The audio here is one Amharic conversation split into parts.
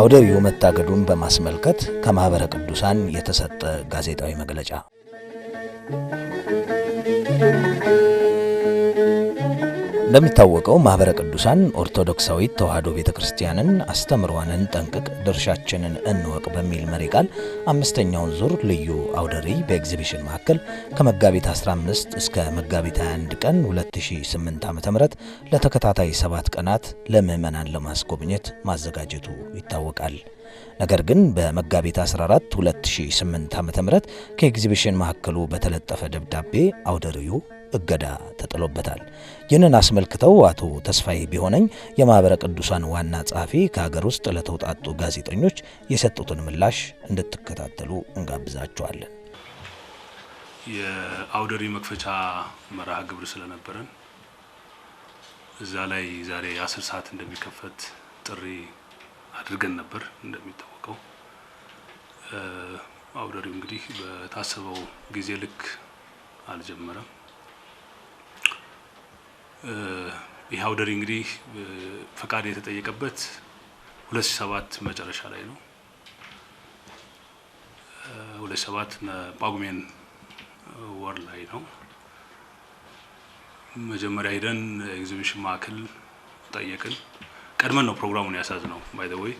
አውደብዩ መታገዱን በማስመልከት ከማኅበረ ቅዱሳን የተሰጠ ጋዜጣዊ መግለጫ እንደሚታወቀው ማኅበረ ቅዱሳን ኦርቶዶክሳዊት ተዋሕዶ ቤተ ክርስቲያንን አስተምሯንን ጠንቅቅ ድርሻችንን እንወቅ በሚል መሪ ቃል አምስተኛውን ዙር ልዩ አውደ ርዕይ በኤግዚቢሽን ማዕከል ከመጋቢት 15 እስከ መጋቢት 21 ቀን 2008 ዓ ም ለተከታታይ ሰባት ቀናት ለምዕመናን ለማስጎብኘት ማዘጋጀቱ ይታወቃል። ነገር ግን በመጋቢት 14 2008 ዓ ም ከኤግዚቢሽን ማዕከሉ በተለጠፈ ደብዳቤ አውደ ርዕዩ እገዳ ተጥሎበታል። ይህንን አስመልክተው አቶ ተስፋዬ ቢሆነኝ የማኅበረ ቅዱሳን ዋና ጸሐፊ ከሀገር ውስጥ ለተውጣጡ ጋዜጠኞች የሰጡትን ምላሽ እንድትከታተሉ እንጋብዛቸዋለን። የአውደሪ መክፈቻ መርሃ ግብር ስለነበረን እዛ ላይ ዛሬ አስር ሰዓት እንደሚከፈት ጥሪ አድርገን ነበር። እንደሚታወቀው አውደሪው እንግዲህ በታሰበው ጊዜ ልክ አልጀመረም። ይህ አውደሪ እንግዲህ ፈቃድ የተጠየቀበት 2007 መጨረሻ ላይ ነው። 2007 ጳጉሜን ወር ላይ ነው። መጀመሪያ ሄደን ኤግዚቢሽን ማዕከል ጠየቅን። ቀድመን ነው ፕሮግራሙን ያሳዝ ነው። ባይ ዘ ወይ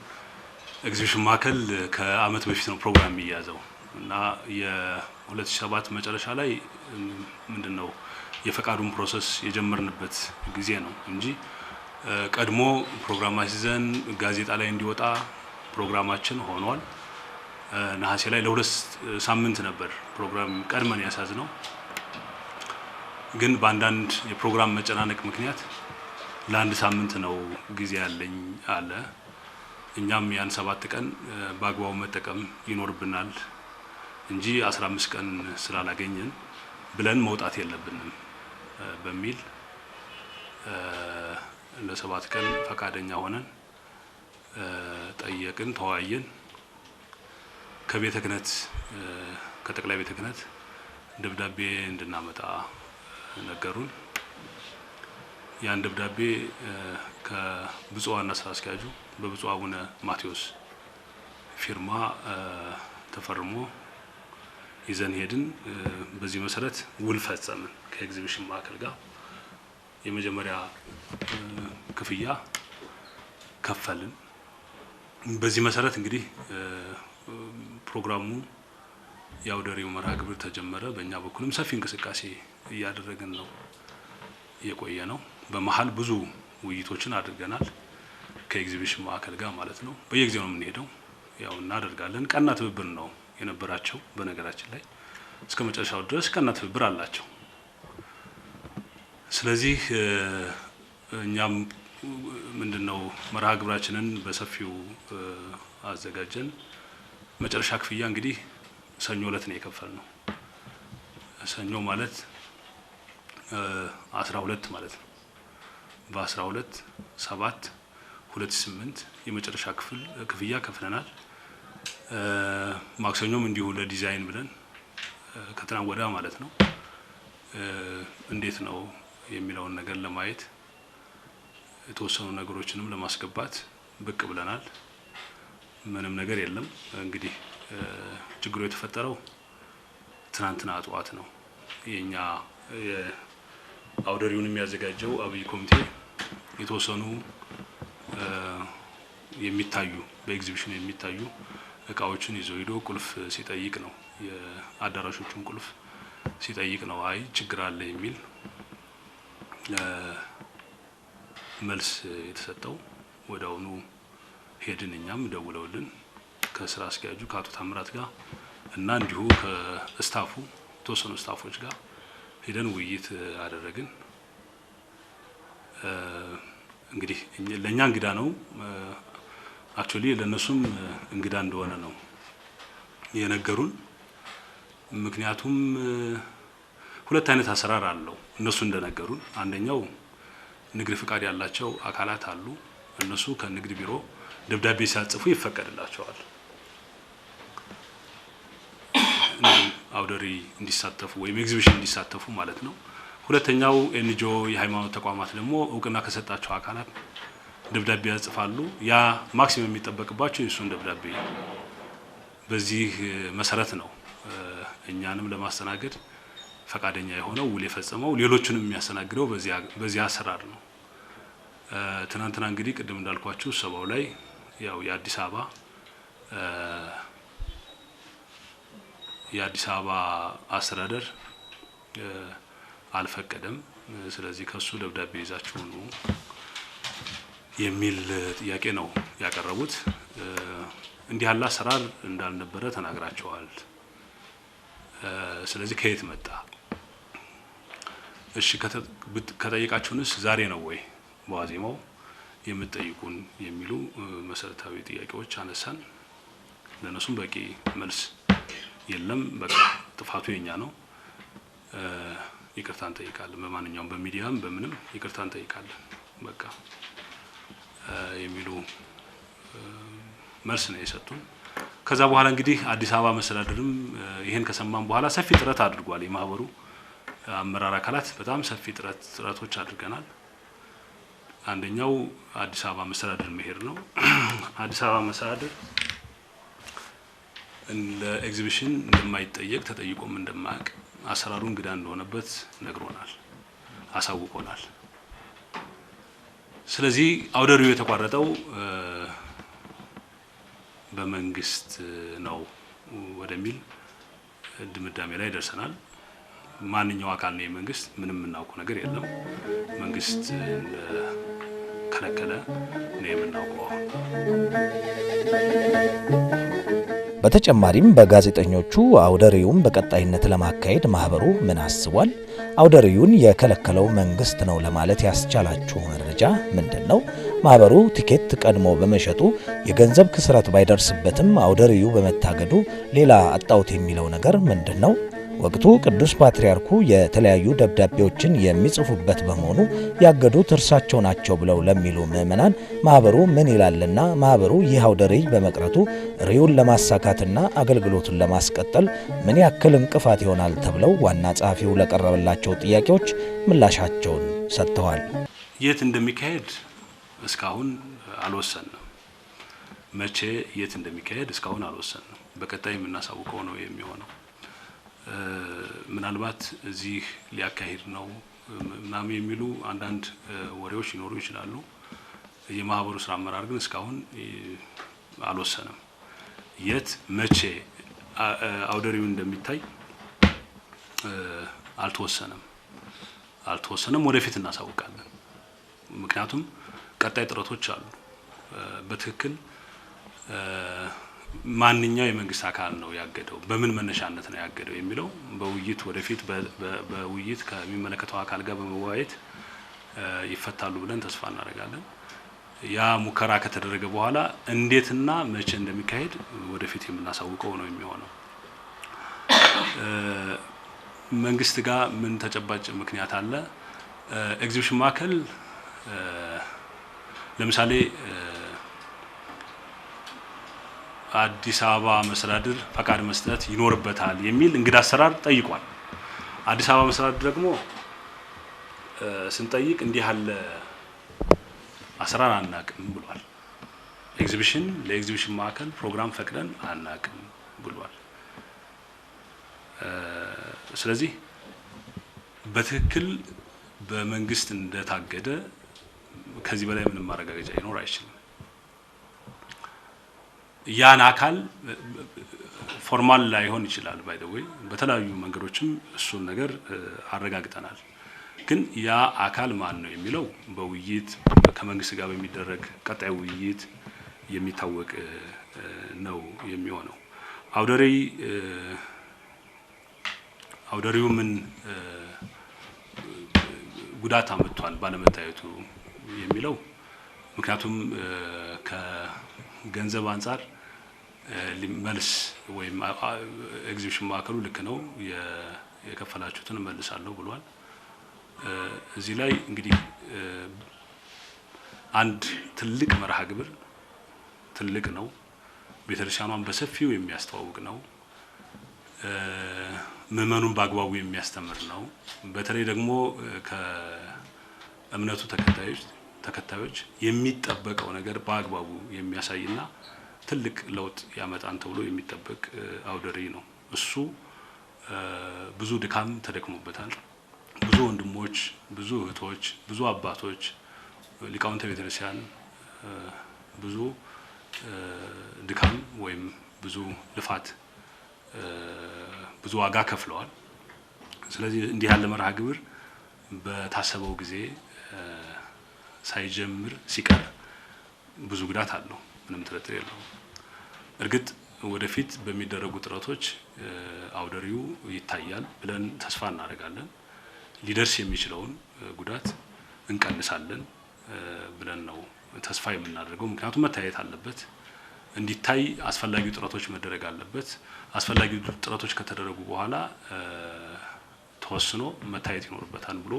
ኤግዚቢሽን ማዕከል ከአመት በፊት ነው ፕሮግራም የሚያዘው እና የ2007 መጨረሻ ላይ ምንድን ነው የፈቃዱን ፕሮሰስ የጀመርንበት ጊዜ ነው እንጂ ቀድሞ ፕሮግራም አስይዘን ጋዜጣ ላይ እንዲወጣ ፕሮግራማችን ሆኗል። ነሐሴ ላይ ለሁለት ሳምንት ነበር ፕሮግራም ቀድመን ያሳዝ ነው። ግን በአንዳንድ የፕሮግራም መጨናነቅ ምክንያት ለአንድ ሳምንት ነው ጊዜ ያለኝ አለ። እኛም ያን ሰባት ቀን በአግባቡ መጠቀም ይኖርብናል እንጂ አስራ አምስት ቀን ስላላገኘን ብለን መውጣት የለብንም። በሚል ለሰባት ቀን ፈቃደኛ ሆነን ጠየቅን፣ ተወያየን። ከቤተ ክህነት ከጠቅላይ ቤተ ክህነት ደብዳቤ እንድናመጣ ነገሩን። ያን ደብዳቤ ከብፁዕ ዋና ስራ አስኪያጁ በብፁዕ አቡነ ማቴዎስ ፊርማ ተፈርሞ ይዘን ሄድን። በዚህ መሰረት ውል ፈጸምን ከኤግዚቢሽን ማዕከል ጋር የመጀመሪያ ክፍያ ከፈልን። በዚህ መሰረት እንግዲህ ፕሮግራሙ የአውደሪው መርሃ ግብር ተጀመረ። በእኛ በኩልም ሰፊ እንቅስቃሴ እያደረግን ነው የቆየ ነው። በመሀል ብዙ ውይይቶችን አድርገናል ከኤግዚቢሽን ማዕከል ጋር ማለት ነው። በየጊዜው ነው የምንሄደው፣ ያው እናደርጋለን። ቀና ትብብር ነው የነበራቸው በነገራችን ላይ እስከ መጨረሻው ድረስ ቀና ትብብር አላቸው። ስለዚህ እኛም ምንድነው መርሃ ግብራችንን በሰፊው አዘጋጀን። መጨረሻ ክፍያ እንግዲህ ሰኞ እለት ነው የከፈል ነው። ሰኞ ማለት አስራ ሁለት ማለት ነው። በአስራ ሁለት ሰባት ሁለት ስምንት የመጨረሻ ክፍል ክፍያ ከፍለናል። ማክሰኞም እንዲሁ ለዲዛይን ብለን ከትናንት ወዳ ማለት ነው እንዴት ነው የሚለውን ነገር ለማየት የተወሰኑ ነገሮችንም ለማስገባት ብቅ ብለናል። ምንም ነገር የለም። እንግዲህ ችግሩ የተፈጠረው ትናንትና ጠዋት ነው። የኛ አውደሪውን የሚያዘጋጀው አብይ ኮሚቴ የተወሰኑ የሚታዩ በኤግዚቢሽን የሚታዩ እቃዎችን ይዞ ሂዶ ቁልፍ ሲጠይቅ ነው የአዳራሾቹን ቁልፍ ሲጠይቅ ነው አይ ችግር አለ የሚል መልስ የተሰጠው። ወዲያውኑ ሄድን እኛም ደውለውልን ከስራ አስኪያጁ ከአቶ ታምራት ጋር እና እንዲሁ ከስታፉ የተወሰኑ ስታፎች ጋር ሄደን ውይይት አደረግን። እንግዲህ ለእኛ እንግዳ ነው አክቹሊ ለእነሱም እንግዳ እንደሆነ ነው የነገሩን። ምክንያቱም ሁለት አይነት አሰራር አለው እነሱ እንደነገሩን። አንደኛው ንግድ ፍቃድ ያላቸው አካላት አሉ። እነሱ ከንግድ ቢሮ ደብዳቤ ሲያጽፉ ይፈቀድላቸዋል አውደሪ እንዲሳተፉ ወይም ኤግዚቢሽን እንዲሳተፉ ማለት ነው። ሁለተኛው ኤንጂኦ የሃይማኖት ተቋማት ደግሞ እውቅና ከሰጣቸው አካላት ደብዳቤ ያጽፋሉ። ያ ማክሲመም የሚጠበቅባቸው የእሱን ደብዳቤ በዚህ መሰረት ነው እኛንም ለማስተናገድ ፈቃደኛ የሆነው ውል የፈጸመው ሌሎቹንም የሚያስተናግደው በዚህ አሰራር ነው። ትናንትና እንግዲህ ቅድም እንዳልኳችሁ ሰባው ላይ ያው የአዲስ አበባ የአዲስ አበባ አስተዳደር አልፈቀደም። ስለዚህ ከሱ ደብዳቤ ይዛችሁ ነው የሚል ጥያቄ ነው ያቀረቡት። እንዲህ ያለ አሰራር እንዳልነበረ ተናግራቸዋል። ስለዚህ ከየት መጣ? እሺ ከጠየቃችሁንስ ዛሬ ነው ወይ በዋዜማው የምትጠይቁን? የሚሉ መሰረታዊ ጥያቄዎች አነሳን። ለእነሱም በቂ መልስ የለም። በቃ ጥፋቱ የኛ ነው፣ ይቅርታ እንጠይቃለን። በማንኛውም በሚዲያም በምንም ይቅርታ እንጠይቃለን። በቃ የሚሉ መልስ ነው የሰጡን። ከዛ በኋላ እንግዲህ አዲስ አበባ መስተዳድርም ይህን ከሰማን በኋላ ሰፊ ጥረት አድርጓል። የማህበሩ አመራር አካላት በጣም ሰፊ ጥረት ጥረቶች አድርገናል። አንደኛው አዲስ አበባ መስተዳድር መሄድ ነው። አዲስ አበባ መስተዳድር ለኤግዚቢሽን እንደማይጠየቅ ተጠይቆም እንደማያውቅ አሰራሩ እንግዳ እንደሆነበት ነግሮናል፣ አሳውቆናል። ስለዚህ አውደሪው የተቋረጠው በመንግስት ነው ወደሚል ድምዳሜ ላይ ደርሰናል። ማንኛው አካል ነው የመንግስት ምንም የምናውቀው ነገር የለም። መንግስት ከለከለ ነው የምናውቀው። በተጨማሪም በጋዜጠኞቹ አውደሬውን በቀጣይነት ለማካሄድ ማህበሩ ምን አስቧል? አውደ ርዕዩን የከለከለው መንግስት ነው ለማለት ያስቻላችሁ መረጃ ምንድን ነው? ማህበሩ ቲኬት ቀድሞ በመሸጡ የገንዘብ ክስረት ባይደርስበትም አውደ ርዕዩ በመታገዱ ሌላ አጣውት የሚለው ነገር ምንድን ነው? ወቅቱ ቅዱስ ፓትርያርኩ የተለያዩ ደብዳቤዎችን የሚጽፉበት በመሆኑ ያገዱት እርሳቸው ናቸው ብለው ለሚሉ ምዕመናን ማኅበሩ ምን ይላልና ማኅበሩ ይህ አውደ ርዕይ በመቅረቱ ርዕዩን ለማሳካትና አገልግሎቱን ለማስቀጠል ምን ያክል እንቅፋት ይሆናል ተብለው ዋና ጸሐፊው ለቀረበላቸው ጥያቄዎች ምላሻቸውን ሰጥተዋል። የት እንደሚካሄድ እስካሁን አልወሰንም። መቼ የት እንደሚካሄድ እስካሁን አልወሰንም። በቀጣይ የምናሳውቀው ነው የሚሆነው። ምናልባት እዚህ ሊያካሂድ ነው ምናምን የሚሉ አንዳንድ ወሬዎች ሊኖሩ ይችላሉ። የማህበሩ ስራ አመራር ግን እስካሁን አልወሰነም። የት መቼ አውደሪው እንደሚታይ አልተወሰነም አልተወሰነም። ወደፊት እናሳውቃለን። ምክንያቱም ቀጣይ ጥረቶች አሉ። በትክክል ማንኛው የመንግስት አካል ነው ያገደው፣ በምን መነሻነት ነው ያገደው የሚለው በውይይት ወደፊት በውይይት ከሚመለከተው አካል ጋር በመወያየት ይፈታሉ ብለን ተስፋ እናደርጋለን። ያ ሙከራ ከተደረገ በኋላ እንዴትና መቼ እንደሚካሄድ ወደፊት የምናሳውቀው ነው የሚሆነው። መንግስት ጋር ምን ተጨባጭ ምክንያት አለ? ኤግዚቢሽን ማዕከል ለምሳሌ አዲስ አበባ መስተዳድር ፈቃድ መስጠት ይኖርበታል የሚል እንግዳ አሰራር ጠይቋል። አዲስ አበባ መስተዳድር ደግሞ ስንጠይቅ እንዲህ ያለ አሰራር አናቅም ብሏል። ኤግዚቢሽን ለኤግዚቢሽን ማዕከል ፕሮግራም ፈቅደን አናቅም ብሏል። ስለዚህ በትክክል በመንግስት እንደታገደ ከዚህ በላይ ምንም ማረጋገጫ ሊኖር አይችልም። ያን አካል ፎርማል ላይሆን ይችላል። ባይ ዘ ወይ በተለያዩ መንገዶችም እሱን ነገር አረጋግጠናል። ግን ያ አካል ማን ነው የሚለው በውይይት ከመንግስት ጋር በሚደረግ ቀጣይ ውይይት የሚታወቅ ነው የሚሆነው። አውደሬ አውደሬው ምን ጉዳት አመጥቷል ባለመታየቱ የሚለው ምክንያቱም ገንዘብ አንጻር መልስ ወይም ኤግዚቢሽን ማዕከሉ ልክ ነው የከፈላችሁትን እመልሳለሁ ብሏል። እዚህ ላይ እንግዲህ አንድ ትልቅ መርሃ ግብር ትልቅ ነው። ቤተክርስቲያኗን በሰፊው የሚያስተዋውቅ ነው። ምዕመኑን በአግባቡ የሚያስተምር ነው። በተለይ ደግሞ ከእምነቱ ተከታዮች ተከታዮች የሚጠበቀው ነገር በአግባቡ የሚያሳይና ትልቅ ለውጥ ያመጣን ተብሎ የሚጠበቅ አውደሪ ነው። እሱ ብዙ ድካም ተደክሞበታል። ብዙ ወንድሞች፣ ብዙ እህቶች፣ ብዙ አባቶች፣ ሊቃውንተ ቤተክርስቲያን ብዙ ድካም ወይም ብዙ ልፋት ብዙ ዋጋ ከፍለዋል። ስለዚህ እንዲህ ያለ መርሃ ግብር በታሰበው ጊዜ ሳይጀምር ሲቀር ብዙ ጉዳት አለው፣ ምንም ጥርጥር የለውም። እርግጥ ወደፊት በሚደረጉ ጥረቶች አውደሪው ይታያል ብለን ተስፋ እናደርጋለን። ሊደርስ የሚችለውን ጉዳት እንቀንሳለን ብለን ነው ተስፋ የምናደርገው። ምክንያቱም መታየት አለበት፣ እንዲታይ አስፈላጊው ጥረቶች መደረግ አለበት። አስፈላጊ ጥረቶች ከተደረጉ በኋላ ተወስኖ መታየት ይኖርበታል ብሎ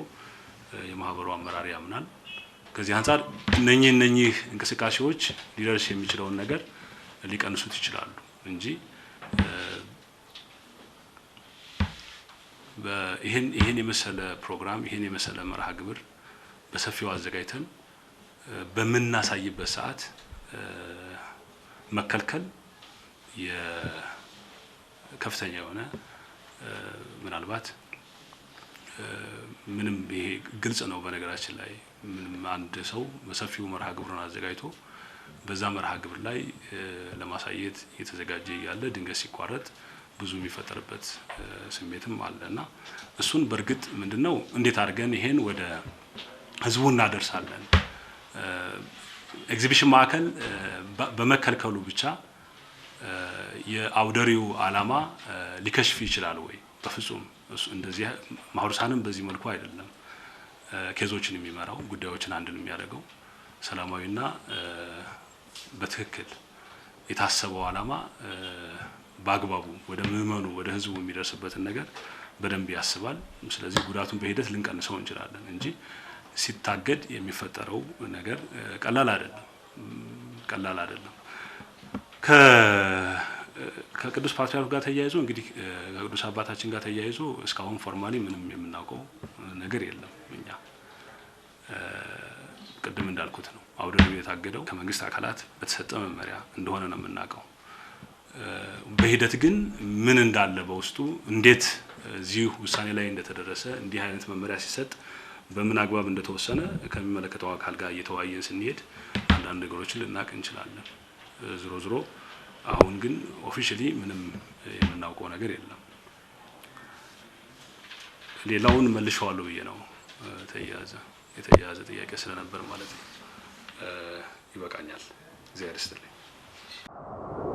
የማህበሩ አመራር ያምናል። ከዚህ አንጻር እነኚህ እነኚህ እንቅስቃሴዎች ሊደርስ የሚችለውን ነገር ሊቀንሱት ይችላሉ እንጂ ይህን ይህን የመሰለ ፕሮግራም ይህን የመሰለ መርሃ ግብር በሰፊው አዘጋጅተን በምናሳይበት ሰዓት መከልከል ከፍተኛ የሆነ ምናልባት ምንም ይሄ ግልጽ ነው በነገራችን ላይ አንድ ሰው በሰፊው መርሃ ግብሩን አዘጋጅቶ በዛ መርሃ ግብር ላይ ለማሳየት እየተዘጋጀ እያለ ድንገት ሲቋረጥ ብዙ የሚፈጠርበት ስሜትም አለ እና እሱን በእርግጥ ምንድነው እንዴት አድርገን ይሄን ወደ ህዝቡ እናደርሳለን? ኤግዚቢሽን ማዕከል በመከልከሉ ብቻ የአውደሪው አላማ ሊከሽፍ ይችላል ወይ? በፍጹም እንደዚህ ማህበረሰቡንም በዚህ መልኩ አይደለም ኬዞችን የሚመራው ጉዳዮችን አንድን የሚያደርገው ሰላማዊና በትክክል የታሰበው ዓላማ በአግባቡ ወደ ምዕመኑ ወደ ህዝቡ የሚደርስበትን ነገር በደንብ ያስባል። ስለዚህ ጉዳቱን በሂደት ልንቀንሰው እንችላለን እንጂ ሲታገድ የሚፈጠረው ነገር ቀላል አይደለም፣ ቀላል አይደለም። ከቅዱስ ፓትርያርኩ ጋር ተያይዞ እንግዲህ ከቅዱስ አባታችን ጋር ተያይዞ እስካሁን ፎርማሊ ምንም የምናውቀው ነገር የለም እኛ ቅድም እንዳልኩት ነው አውደ ርዕዩ የታገደው ከመንግስት አካላት በተሰጠ መመሪያ እንደሆነ ነው የምናውቀው። በሂደት ግን ምን እንዳለ በውስጡ እንዴት እዚህ ውሳኔ ላይ እንደተደረሰ እንዲህ አይነት መመሪያ ሲሰጥ በምን አግባብ እንደተወሰነ ከሚመለከተው አካል ጋር እየተወያየን ስንሄድ አንዳንድ ነገሮችን ልናውቅ እንችላለን። ዝሮ ዝሮ አሁን ግን ኦፊሻሊ ምንም የምናውቀው ነገር የለም። ሌላውን መልሼዋለሁ ብዬ ነው ተያያዘ የተያያዘ ጥያቄ ስለነበር ማለት ነው። ይበቃኛል። እግዚአብሔር ይስጥልኝ።